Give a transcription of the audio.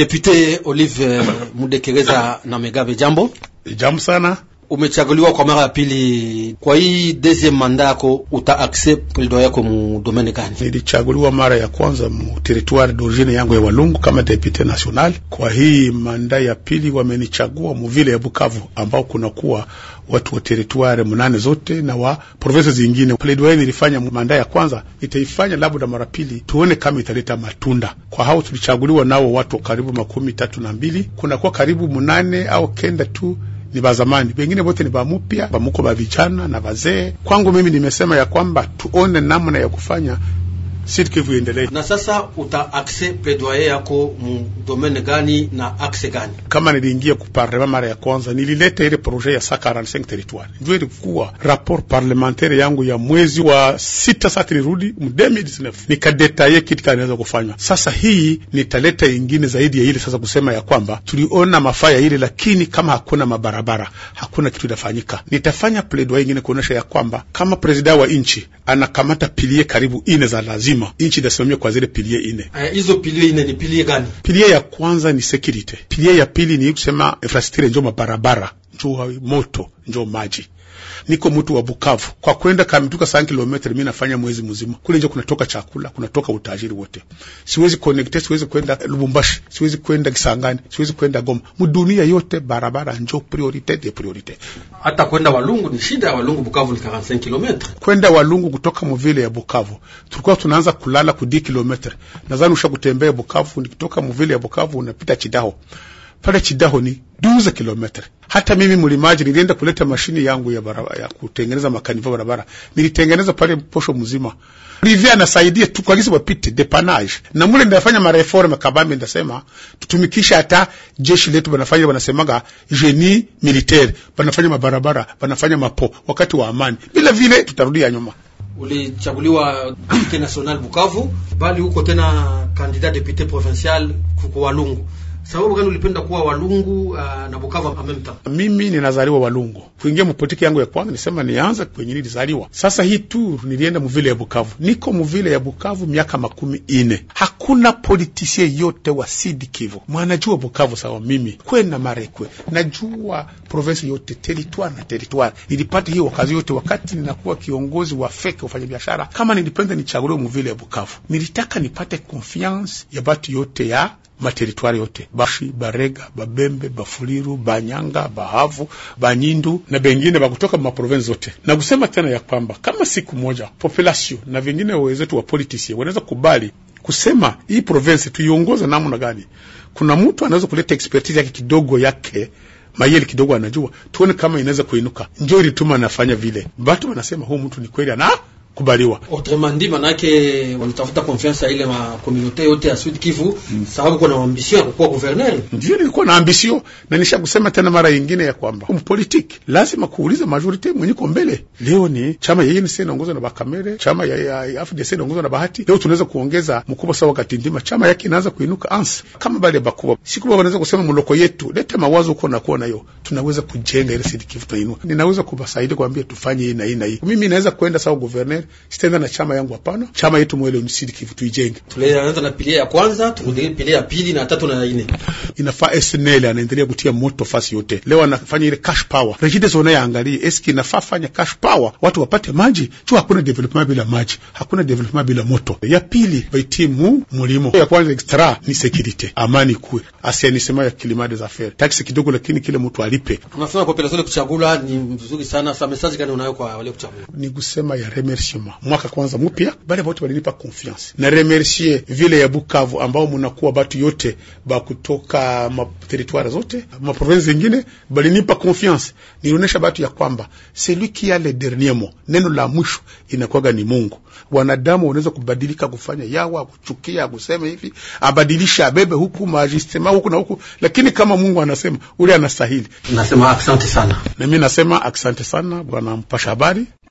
Depute Olive Mudekereza na Megabe, jambo jambo sana umechaguliwa kwa mara ya pili kwa hii deuxième mandat yako, uta accept plaidoyer yako mu domaine gani? Nilichaguliwa mara ya kwanza mu territoire d'origine yangu ya Walungu kama député national. Kwa hii manda ya pili wamenichagua mu vile ya Bukavu ambao kunakuwa watu wa territoire mnane zote na wa provinces zingine. Plaidoyer nilifanya manda ya kwanza, itaifanya labda mara pili, tuone kama italeta matunda. Kwa hao tulichaguliwa nao watu karibu makumi tatu na mbili, kunakuwa karibu mnane au kenda tu ni ba zamani, wengine wote ni ba bamuko ba vijana na bazee. Kwangu mimi nimesema ya kwamba tuone namna ya kufanya na sasa uta akse pledoyer yako mu domaine gani na akse gani? Kama niliingia ku parlement mara ya kwanza, nilileta ile projet ya 145 territoire, ndio ilikuwa rapport parlementaire yangu ya mwezi wa sita. Sasa nirudi mu 2019 nikadetaye kitu kinaweza kufanywa. Sasa hii nitaleta ingine zaidi ya ile, sasa kusema ya kwamba tuliona mafaa ya ile, lakini kama hakuna mabarabara, hakuna kitu itafanyika Nitafanya pledoyer ingine kuonesha ya kwamba kama president wa nchi anakamata pilie karibu ine za lazima mzima nchi inasimamia kwa zile pilie ine. Eh, hizo pilie ine ni pilie gani? Pilie ya kwanza ni security, pilie ya pili ni kusema infrastructure, njo mabarabara, njo moto, njo maji Niko mtu wa Bukavu, kwa kwenda kamituka sana kilometre, mimi nafanya mwezi mzima kule nje, kunatoka chakula, kunatoka utajiri wote. Siwezi connect, siwezi kwenda Lubumbashi, siwezi kwenda Kisangani, siwezi kwenda Goma. Mudunia yote barabara njo priorite de priorite. Hata kwenda Walungu ni shida ya Walungu Bukavu ni 45 km. Kwenda Walungu kutoka mvile ya Bukavu tulikuwa tunaanza kulala ku 10 km. Nadhani ushakutembea Bukavu, nikitoka mvile ya Bukavu unapita Chidaho pale Chidaho ni 12 kilometre. Hata mimi mlimaji nilienda kuleta mashini yangu ya barabara ya kutengeneza makaniva barabara, nilitengeneza pale posho mzima. Rivia anasaidia tu kwa kisi wapite depanage, na mule ndafanya mareforme kabambe, ndasema tutumikisha hata jeshi letu, banafanya banasemaga jeni militaire, banafanya mabarabara, banafanya mapo wakati wa amani, bila vile tutarudia nyuma. Ulichaguliwa National Bukavu, bali huko tena candidat député provincial kuko Walungu sababu gani ulipenda kuwa Walungu uh, na Bukavu amemta? Mimi ninazaliwa Walungu, kuingia mpolitiki yangu ya kwanza nisema nianza kwenye nilizaliwa. Sasa hii tour nilienda muvile ya Bukavu, niko muvile ya Bukavu miaka makumi ine Hak hakuna politisie yote wa Sidi Kivu, mwanajua Bukavu sawa mimi kwe na Marekwe, najua provensi yote teritwari na teritwari. Nilipata hiyo wakazi yote wakati ninakuwa kiongozi wa feke ufanya biashara. Kama nilipenda nichaguliwe muvile ya Bukavu, nilitaka nipate konfiansi ya batu yote ya materitwari yote Bashi, Barega, Babembe, Bafuliru, Banyanga, Bahavu, Banyindu na bengine bakutoka maprovensi zote, na kusema tena ya kwamba kama siku moja populasio na vengine wezetu wa politisie wanaweza kubali kusema hii province tuiongoza namna gani. Kuna mtu anaweza kuleta expertise yake kidogo yake mayeli kidogo, anajua tuone kama inaweza kuinuka. njoo ilituma anafanya vile, watu wanasema huu mtu ni kweli ana kubaliwa autrement dit, manake wanatafuta confiance ile ma community yote ya Sud Kivu mm. Sababu kuna ambition ya kuwa gouverneur, ndio nilikuwa na ambition na nisha kusema tena mara nyingine ya kwamba mpolitiki lazima kuuliza majority mwenye ko mbele. Leo ni chama ya UNC inaongozwa na Bakamere, chama ya, ya, ya FDC inaongozwa na Bahati. Leo tunaweza kuongeza mkubwa sawa Katindima, chama yake inaanza kuinuka ans kama bale bakubwa siku baba wanaweza kusema mloko yetu leta mawazo uko na kuwa nayo, tunaweza kujenga ile Sud Kivu tunainua. Ninaweza kubasaidia kuambia tufanye hii na hii na hii, mimi naweza kwenda sawa gouverneur Sahel, sitaenda na chama yangu, hapana. Chama yetu mwele ni Kivu tuijenge. Tunaanza na pilia ya kwanza, turudie pilia ya pili na tatu na nne. Inafaa SNL anaendelea kutia moto fasi yote. Leo anafanya ile cash power. Regides ona angalie eski inafaa fanya cash power. Watu wapate maji. Tu hakuna development bila maji. Hakuna development bila moto. Ya pili baitimu mulimo. Ya kwanza extra ni security. Amani kuwe. Asia nisema ya kilimade za fere. Taxi kidogo lakini kile mtu alipe. Tunasema kwa population kuchagula ni mzuri sana. Sasa message gani unayo kwa wale kuchagula? Ni kusema ya remercier heshima. mwaka kwanza mupya, bale bote balinipa confiance na remercier vile ya Bukavu ambao munakuwa batu yote ba bakutoka materitware zote ma maprovinsi zingine balinipa confiance, nilionesha batu ya kwamba celui qui a le dernier mot, neno la mwisho inakuwaga ni Mungu. Wanadamu wanaweza kubadilika kufanya yawa kuchukia kusema hivi abadilisha abebe huku majistema huku na huku, lakini kama Mungu anasema ule anastahili. Nasema asante sana, na mimi nasema asante sana bwana mpasha habari.